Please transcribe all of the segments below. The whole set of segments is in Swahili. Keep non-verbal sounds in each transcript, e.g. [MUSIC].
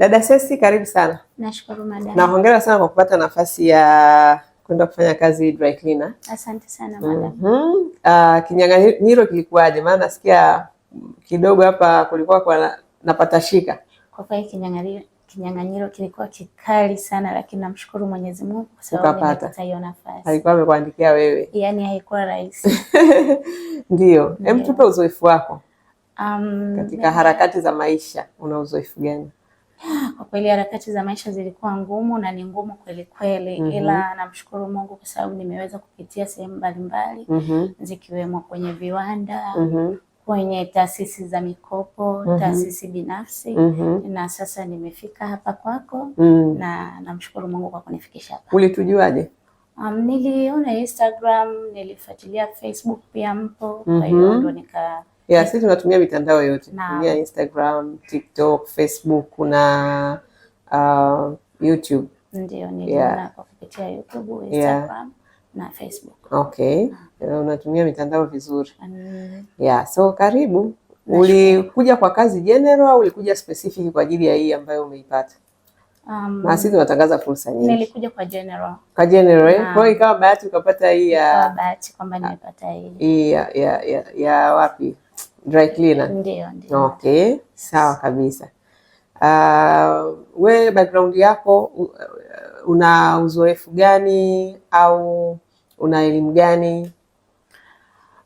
Dada Sesi, karibu sana. Nashukuru madam. Na hongera sana kwa kupata nafasi ya kwenda kufanya kazi dry cleaner. Asante sana madam. Mm -hmm. Uh, kinyang'anyiro kilikuwaje? Maana nasikia kidogo hapa kulikuwa kwa napata shika. Kwa kweli kinyang'anyiro kinyang'anyiro kilikuwa kikali sana, lakini namshukuru Mwenyezi Mungu kwa sababu nimepata hiyo nafasi. Alikuwa amekuandikia wewe, yaani haikuwa rahisi. [LAUGHS] Ndio, hem, tupe uzoefu wako um, katika harakati za maisha, una uzoefu gani? kwa kweli harakati za maisha zilikuwa ngumu na ni ngumu kweli kweli, mm -hmm. ila namshukuru Mungu kwa sababu nimeweza kupitia sehemu mbalimbali mm -hmm. zikiwemo kwenye viwanda mm -hmm. kwenye taasisi za mikopo mm -hmm. taasisi binafsi mm -hmm. na sasa nimefika hapa kwako mm -hmm. na namshukuru Mungu kwa kunifikisha hapa. Ulitujuaje? Um, niliona Instagram, nilifuatilia Facebook pia mpo, kwa hiyo mhm. ndo nika Yeah, sisi tunatumia mitandao yote, tunatumia Instagram, TikTok, Facebook na uh, YouTube. Ndio, ni yeah. kwa Kupitia YouTube, Instagram yeah. na Facebook. Okay. Uh, unatumia mitandao vizuri mm. Yeah, so karibu. Ulikuja kwa kazi general au ulikuja specific kwa ajili ya hii ambayo umeipata? Um, na sisi tunatangaza fursa nyingi. Nilikuja kwa general. Kwa general. Eh? Kwa hiyo ikawa bahati ukapata hii ya bahati kwamba nimepata hii. Ya ya ya wapi? dry cleaner? Ndiyo, ndiyo. Okay, sawa kabisa. Uh, we background yako uh, una uzoefu gani au una elimu gani?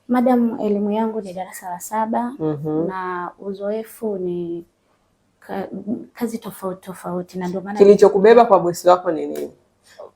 Madam, elimu yangu ni darasa la saba. mm -hmm. na uzoefu ni kazi tofauti tofauti, na ndio maana kilichokubeba kwa bosi wako ni nini?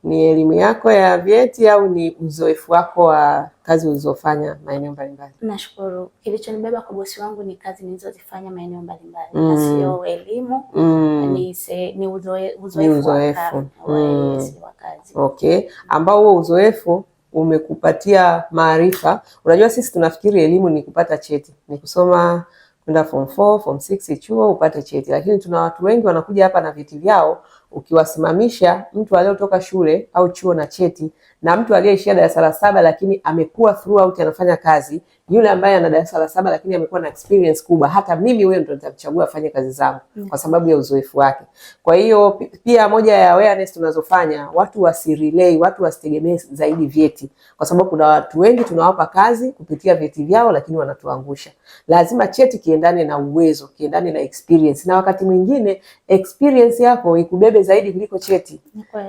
Ni elimu yako ya vyeti au ni uzoefu wako wa kazi ulizofanya maeneo mbalimbali? Nashukuru, kilichonibeba kwa bosi wangu ni kazi nilizozifanya maeneo mbalimbali mm. na sio elimu mm. ni, se, ni uzoe, uzoefu uzoefu mm. wa kazi okay, ambao huo uzoefu umekupatia maarifa. Unajua, sisi tunafikiri elimu ni kupata cheti, ni kusoma kwenda form 4 form 6 chuo upate cheti, lakini tuna watu wengi wanakuja hapa na vyeti vyao ukiwasimamisha mtu aliyotoka shule au chuo na cheti na mtu aliyeishia darasa la saba lakini amekuwa throughout anafanya kazi, yule ambaye ana darasa la saba lakini amekuwa na experience kubwa, hata mimi wewe ndo nitamchagua afanye kazi zangu mm. kwa sababu ya uzoefu wake. Kwa hiyo pia moja ya awareness tunazofanya watu wasirelay, watu wasitegemee zaidi vyeti, kwa sababu kuna watu wengi tunawapa kazi kupitia vyeti vyao, lakini wanatuangusha. Lazima cheti kiendane na uwezo, kiendane na experience, na wakati mwingine experience yako ikubebe zaidi kuliko cheti.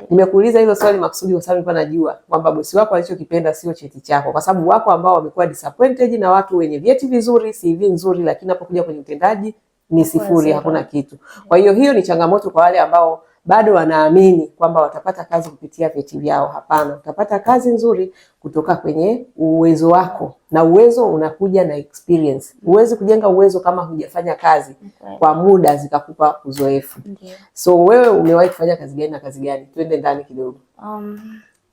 Nimekuuliza hilo swali makusudi kwa sababu najua kwamba bosi wako alichokipenda sio cheti chako, kwa sababu wako ambao wamekuwa disappointed na watu wenye vyeti vizuri, CV nzuri, lakini unapokuja kwenye utendaji ni sifuri, hakuna kitu. Kwa hiyo hiyo ni changamoto kwa wale ambao bado wanaamini kwamba watapata kazi kupitia vyeti vyao. Hapana, utapata kazi nzuri kutoka kwenye uwezo wako, na uwezo unakuja na experience. Huwezi kujenga uwezo kama hujafanya kazi kwa muda zikakupa uzoefu. So wewe umewahi kufanya kazi gani na kazi gani? Twende ndani kidogo. um...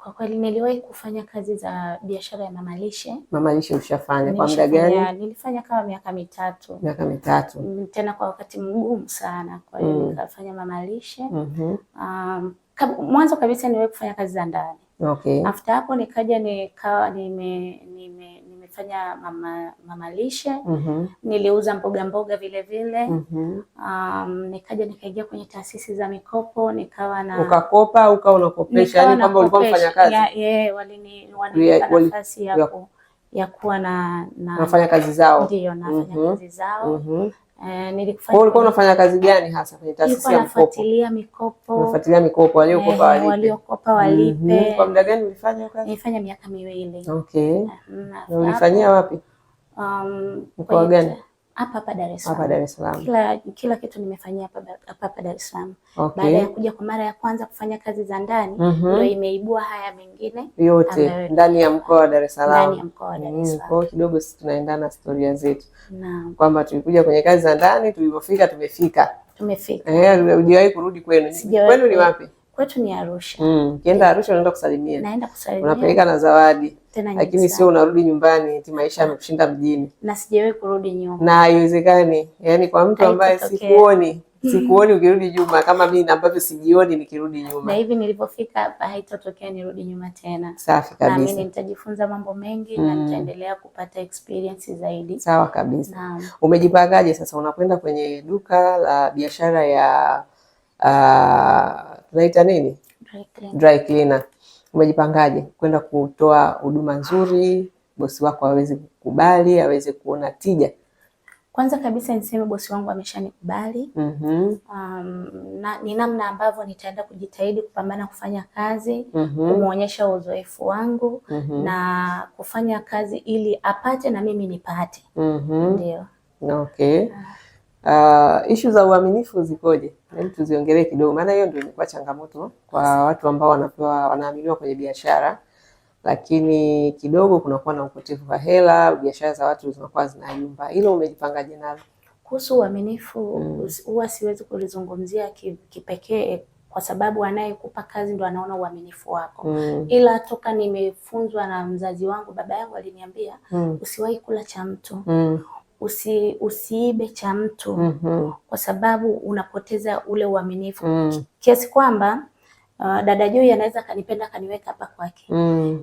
Kwa kweli niliwahi kufanya kazi za biashara ya mamalishe. Mamalishe ushafanya kwa muda gani? Nilifanya kama miaka mitatu. Miaka mitatu, mm, tena kwa wakati mgumu sana. Kwa hiyo mm. nikafanya mamalishe mm -hmm. Um, kab mwanzo kabisa niliwahi kufanya kazi za ndani okay. After hapo nikaja nikawa nime, nime nilifanya mama, mama lishe mm -hmm. Niliuza mboga mboga vile vile mm -hmm. Um, nikaja nikaingia kwenye taasisi za mikopo nikawa na ukakopa au ukawa unakopesha, yani kwamba ulikuwa mfanya mfanyakazi yeah, walini walinipa nafasi ya, ku, ya kuwa na, na nafanya kazi zao ndio nafanya mm -hmm. kazi zao mm -hmm. Uh, eh, nilikuwa ulikuwa unafanya kazi gani hasa kwenye taasisi ya mikopo? Nafuatilia mikopo. Nafuatilia mikopo waliokopa eh, walipe. Waliokopa walipe. Mm -hmm. Kwa muda gani ulifanya kazi? Nilifanya miaka miwili. Okay. Na ulifanyia wapi? Um, mkoa gani? hapa hapa Dar es Salaam. Hapa Dar es Salaam. Kila kila kitu nimefanyia hapa hapa Dar es Salaam. Okay. Baada ya kuja kwa mara ya kwanza kufanya kazi za ndani mm -hmm. ndio imeibua haya mengine yote ndani ya mkoa wa Dar es Salaam. Ndani ya mkoa wa Dar es mhm. Salaam. Kwa kidogo sisi tunaendana historia zetu. Naam. Kwamba tulikuja kwenye kazi za ndani tulipofika tumefika. Tumefika. Eh, hujawahi kurudi kwenu. Kwenu ni wapi? kwetu ni Arusha. Mm, Kienda yeah. Arusha unaenda kusalimia. Naenda kusalimia. Unapeleka na zawadi. Tena Lakini sio unarudi nyumbani eti maisha yamekushinda mjini. Na sijawahi kurudi nyuma. Na haiwezekani. Yaani kwa mtu ambaye sikuoni, [LAUGHS] sikuoni ukirudi nyuma kama mimi ambavyo sijioni nikirudi nyuma. Na hivi nilipofika hapa haitotokea nirudi nyuma tena. Safi kabisa. Na mimi nitajifunza mambo mengi mm, na nitaendelea kupata experience zaidi. Sawa kabisa. Umejipangaje sasa unakwenda kwenye duka la biashara ya Ah, tunaita nini dry cleaner. Umejipangaje kwenda kutoa huduma nzuri, bosi wako aweze kukubali, aweze kuona tija? Kwanza kabisa niseme bosi wangu ameshanikubali. mm -hmm. Um, na, ni namna ambavyo nitaenda kujitahidi kupambana kufanya kazi mm -hmm. kumwonyesha uzoefu wangu mm -hmm. na kufanya kazi ili apate na mimi nipate. mm -hmm. Ndio. Okay. Uh, Uh, ishu za uaminifu zikoje? Hebu yaani tuziongelee kidogo, maana hiyo ndio imekuwa changamoto kwa watu ambao wanapewa wanaaminiwa kwenye biashara, lakini kidogo kunakuwa na upotevu wa hela, biashara za watu zinakuwa zinayumba. Hilo umejipangaje nalo? Kuhusu uaminifu mm. huwa mm, siwezi kulizungumzia kipekee kwa sababu anayekupa kazi ndo anaona uaminifu wako mm. Ila toka nimefunzwa na mzazi wangu, baba yangu aliniambia mm, usiwahi kula cha mtu mm usi, usiibe cha mtu mm -hmm. kwa sababu unapoteza ule uaminifu mm. kiasi kwamba uh, dada Joy anaweza akanipenda akaniweka hapa kwake mm.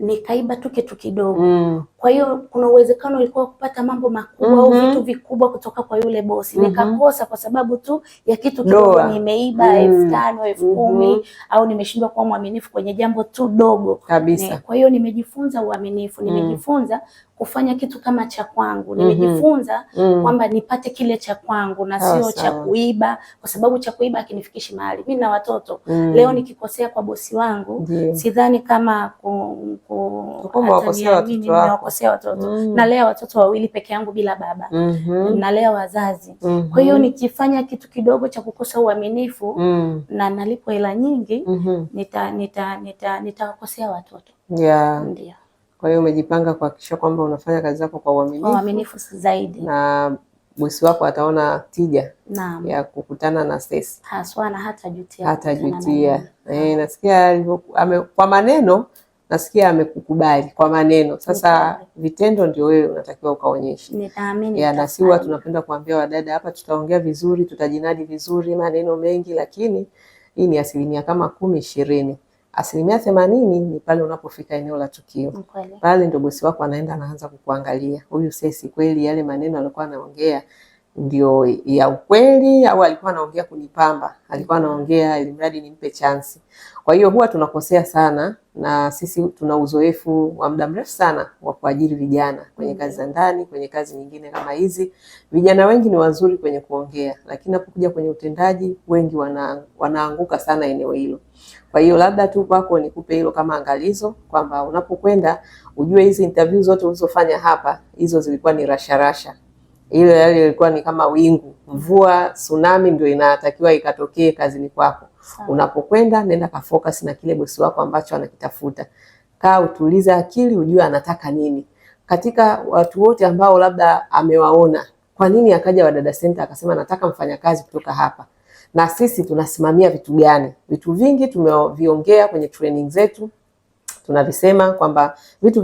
nikaiba tu kitu kidogo mm. Kwa hiyo kuna uwezekano ilikuwa kupata mambo makubwa mm -hmm. au mhm. vitu vikubwa kutoka kwa yule bosi mm -hmm. nikakosa kwa sababu tu ya kitu kidogo, nimeiba mhm. elfu tano elfu kumi mhm. au nimeshindwa kuwa mwaminifu kwenye jambo tu dogo kabisa. Kwa hiyo nimejifunza uaminifu, nimejifunza kufanya kitu kama cha kwangu, nimejifunza mm -hmm. kwamba nipate kile cha kwangu na sio cha kuiba, kwa sababu cha kuiba akinifikishi mahali. Mimi na watoto mm -hmm. leo nikikosea kwa bosi wangu yeah. sidhani kama ku, ku, kuwakosea watoto mm. Nalea watoto wawili peke yangu bila baba mm -hmm. Nalea wazazi mm -hmm. Kwa hiyo nikifanya kitu kidogo cha kukosa uaminifu mm. na nalipo hela nyingi mm -hmm. nita nita, nita, nita watoto yeah. Ndio. Kwa hiyo umejipanga kuhakikisha kwamba unafanya kazi zako kwa uaminifu, uaminifu zaidi na bosi wako ataona tija Naam. ya kukutana na Stacy haswa na hata jutia, hata jutia. E, nasikia kwa maneno nasikia amekukubali kwa maneno, sasa vitendo ndio wewe unatakiwa ukaonyeshe. Nitaamini. Na si huwa tunapenda kuambia wadada hapa, tutaongea vizuri, tutajinadi vizuri, maneno mengi, lakini hii ni asilimia kama kumi ishirini asilimia themanini ni pale unapofika eneo la tukio Mkweli. Pale ndio bosi wako anaenda anaanza kukuangalia, huyu sesi kweli yale maneno alikuwa anaongea ndio ya ukweli au alikuwa anaongea kunipamba, alikuwa anaongea ilimradi nimpe chansi. Kwa hiyo huwa tunakosea sana na sisi tuna uzoefu wa muda mrefu sana wa kuajiri vijana kwenye mm-hmm. kazi za ndani, kwenye kazi nyingine kama hizi. Vijana wengi ni wazuri kwenye kuongea, lakini napokuja kwenye utendaji wengi wana, wanaanguka sana eneo hilo. Kwa hiyo labda tu kwako nikupe hilo kama angalizo kwamba unapokwenda ujue hizi interview zote ulizofanya hapa, hizo zilikuwa ni rasharasha rasha ile yale ilikuwa ni kama wingu, mvua, tsunami ndio inatakiwa ikatokee kazini kwako. Unapokwenda nenda ka focus na kile bosi wako ambacho anakitafuta. Kaa utuliza akili, ujue anataka nini. Katika watu wote ambao labda amewaona, kwa nini akaja Wadada Center akasema nataka mfanyakazi kutoka hapa? Na sisi tunasimamia vitu gani? Vitu vingi tumeviongea kwenye training zetu tunavisema kwamba vitu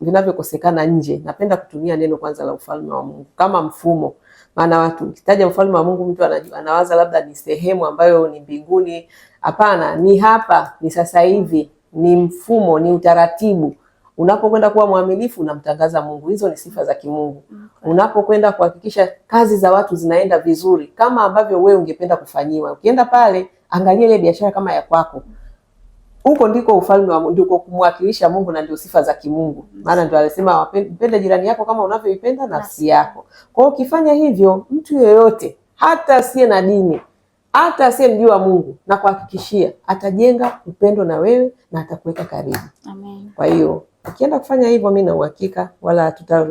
vinavyokosekana nje, napenda kutumia neno kwanza la ufalme wa Mungu kama mfumo. Maana watu ukitaja mfalme wa Mungu mtu anajua, anawaza labda ni sehemu ambayo ni mbinguni. Hapana, ni hapa, ni sasa hivi, ni mfumo, ni utaratibu Unapokwenda kuwa mwaminifu unamtangaza Mungu. Hizo ni sifa za kimungu. Okay. Unapokwenda kuhakikisha kazi za watu zinaenda vizuri kama ambavyo wewe ungependa kufanyiwa, ukienda pale, angalia ile biashara kama ya kwako. Huko ndiko ufalme wa ndiko kumwakilisha Mungu na ndio sifa za kimungu. Maana ndio alisema mpende jirani yako kama unavyoipenda nafsi yako. Kwa hiyo ukifanya hivyo, mtu yeyote hata asiye na dini, hata asiye mjua Mungu, na kuhakikishia atajenga upendo na wewe na atakuweka karibu. Amen. Kwa hiyo Akienda kufanya hivyo, mimi na uhakika wala tuta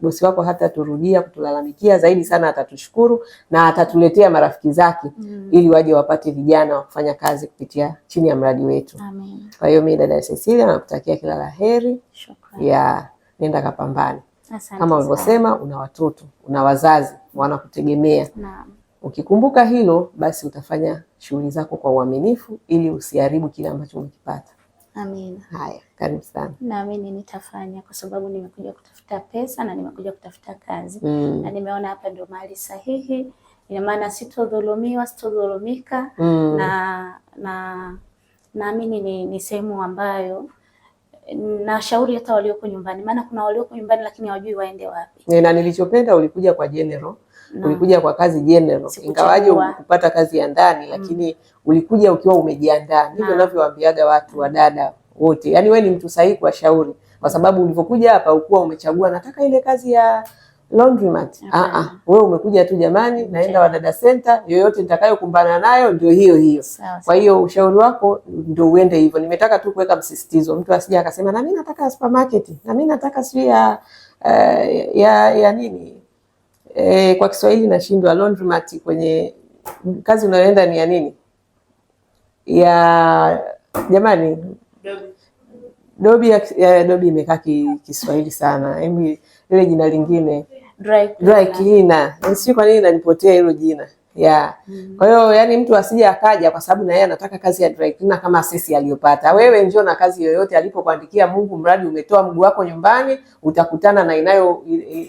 bosi wako hata turudia kutulalamikia zaidi sana, atatushukuru na atatuletea marafiki zake mm. ili waje wapate vijana wa kufanya kazi kupitia chini ya mradi wetu. Amen. Kwa hiyo mimi dada Cecilia nakutakia kila la heri ya nenda kapambane. Asante. Kama ulivyosema una watoto, una wazazi wanakutegemea. Naam. Ukikumbuka hilo basi utafanya shughuli zako kwa uaminifu ili usiharibu kile ambacho umekipata. Amina. Haya, karibu sana. Naamini nitafanya kwa sababu nimekuja kutafuta pesa na nimekuja kutafuta kazi mm. na nimeona hapa ndio mahali sahihi, ina maana sitodhulumiwa, sitodhulumika mm. na na naamini ni, ni sehemu ambayo nashauri hata walioko nyumbani, maana kuna walioko nyumbani lakini hawajui waende wapi. Na nilichopenda ulikuja kwa general Ulikuja kwa kazi general, ingawaje kupata kazi ya ndani, mm. lakini ulikuja ukiwa umejiandaa. Ndivyo ninavyowaambiaga watu wadada wote, yaani wewe ni mtu sahihi kuwashauri, kwa sababu ulivyokuja hapa ukuwa umechagua nataka ile kazi ya laundromat. Okay. Ah ah, wewe umekuja tu jamani, okay. Naenda Wadada Center, yoyote nitakayokumbana nayo ndio hiyo hiyo. Kwa hiyo ushauri wako ndio uende hivyo. Nimetaka tu kuweka msisitizo, mtu asije akasema na mimi nataka supermarket, na mimi nataka sio ya, eh, ya ya nini e, kwa Kiswahili nashindwa laundromat kwenye kazi unayoenda ni ya nini? Ya jamani, dobi ya, ya dobi imekaa Kiswahili sana, hebu yaani lile jina lingine dry cleaner. Yaani sijui kwa nini nalipotea hilo jina Yeah. Mm. Kwa hiyo yani mtu asije akaja kwa sababu na yeye anataka kazi ya dry cleaner kama sisi aliyopata. Wewe njoo na kazi yoyote alipokuandikia Mungu, mradi umetoa mguu wako nyumbani, utakutana na inayo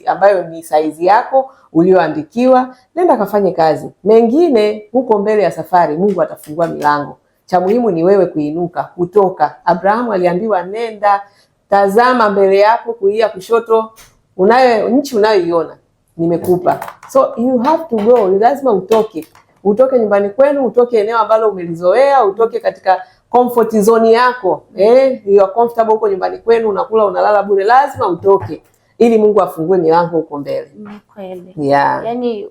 ambayo ni saizi yako ulioandikiwa. Nenda kafanye kazi. Mengine huko mbele ya safari Mungu atafungua milango. Cha muhimu ni wewe kuinuka, kutoka. Abrahamu aliambiwa nenda, tazama mbele yako, kulia, kushoto, unayo nchi unayoiona nimekupa. So you have to go, lazima utoke, utoke nyumbani kwenu, utoke eneo ambalo umelizoea, utoke katika comfort zone yako eh, you are comfortable huko nyumbani kwenu, unakula unalala bure. Lazima utoke ili Mungu afungue milango huko mbele. Kweli yeah. Yani,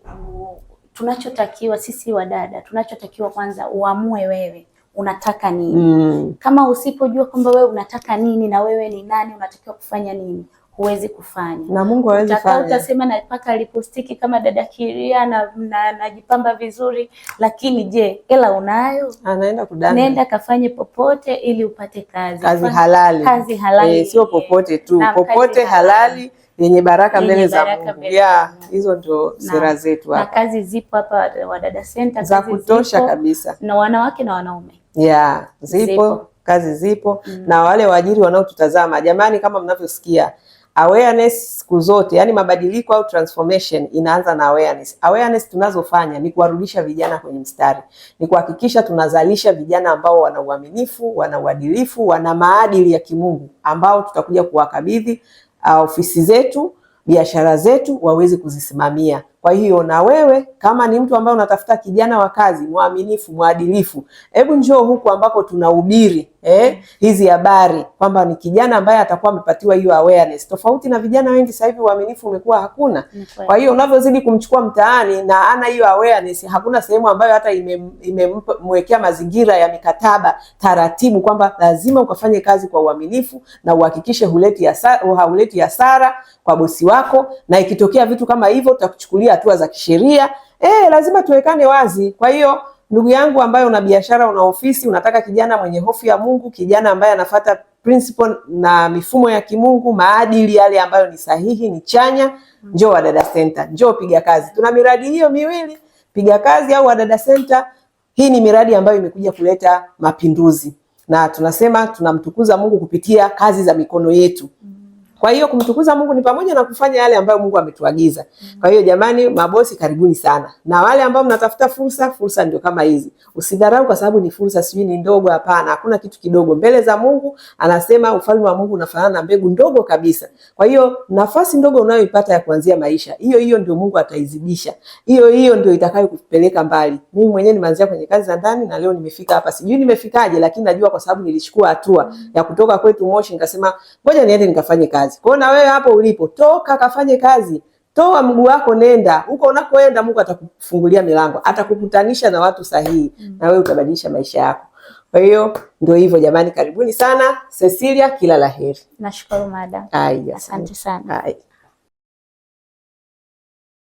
tunachotakiwa sisi wadada, tunachotakiwa kwanza uamue wewe unataka nini. Mm. Kama usipojua kwamba wewe unataka nini na wewe ni nani, unatakiwa kufanya nini, huwezi kufanya na Mungu hawezi fanya. Utasema na napaka lipostiki kama dada Kiria na anajipamba vizuri, lakini je, hela unayo? Anaenda kudani, nenda kafanye popote ili upate kazi, kazi halali, kazi halali, E, sio popote tu, na, popote halali yenye baraka mbele za Mungu. Yeah, hizo ndio sera zetu hapa. Na kazi zipo hapa Wadada Center za kutosha zipo, kabisa na wanawake na wanaume. ya zipo, zipo. Kazi zipo mm. Na wale waajiri wanaotutazama, jamani, kama mnavyosikia awareness siku zote, yani mabadiliko au transformation inaanza na awareness. Awareness tunazofanya ni kuwarudisha vijana kwenye mstari, ni kuhakikisha tunazalisha vijana ambao wana uaminifu, wana uadilifu, wana maadili ya kimungu ambao tutakuja kuwakabidhi uh, ofisi zetu, biashara zetu waweze kuzisimamia. Kwa hiyo na wewe kama ni mtu ambaye unatafuta kijana wa kazi mwaminifu, mwadilifu, hebu njoo huku ambako tunahubiri eh, hizi habari kwamba ni kijana ambaye atakuwa amepatiwa hiyo awareness. Tofauti na vijana wengi sasa hivi uaminifu umekuwa hakuna. Kwa hiyo unavyozidi kumchukua mtaani na ana hiyo awareness, hakuna sehemu ambayo hata imemwekea ime mazingira ya mikataba, taratibu kwamba lazima ukafanye kazi kwa uaminifu na uhakikishe huleti hasara, hasara kwa bosi wako, na ikitokea vitu kama hivyo utakuchukulia hatua za kisheria eh, lazima tuwekane wazi. Kwa hiyo ndugu yangu, ambayo una biashara, una ofisi, unataka kijana mwenye hofu ya Mungu, kijana ambaye anafata principle na mifumo ya kimungu, maadili yale ambayo ni sahihi, ni chanya, njoo Wadada Center, njoo piga kazi. Tuna miradi hiyo miwili, piga kazi au Wadada Center. Hii ni miradi ambayo imekuja kuleta mapinduzi na tunasema tunamtukuza Mungu kupitia kazi za mikono yetu. Kwa hiyo kumtukuza Mungu ni pamoja na kufanya yale ambayo Mungu ametuagiza. Mm. Kwa hiyo jamani, mabosi karibuni sana, na wale ambao mnatafuta fursa, fursa ndio kama hizi, usidharau kwa sababu ni fursa, sijui ni ndogo. Hapana, hakuna kitu kidogo mbele za Mungu. Anasema ufalme wa Mungu unafanana na mbegu ndogo kabisa. Kwa hiyo nafasi ndogo unayoipata ya kuanzia maisha, hiyo hiyo ndio Mungu ataizidisha, hiyo hiyo ndio itakayokupeleka mbali. Mimi mwenyewe nimeanzia kwenye kazi za ndani na leo nimefika hapa, sijui nimefikaje, lakini najua kwa sababu nilichukua hatua mm. ya kutoka kwetu Moshi, nikasema ngoja niende nikafanye kazi kazi. Kwa hiyo na wewe hapo ulipo, toka kafanye kazi, toa mguu wako, nenda huko unakoenda. Mungu atakufungulia milango, atakukutanisha na watu sahihi, mm. na wewe utabadilisha maisha yako. Kwa hiyo ndio hivyo jamani, karibuni sana. Cecilia, kila la heri. Nashukuru madam. Asante sana. Hai.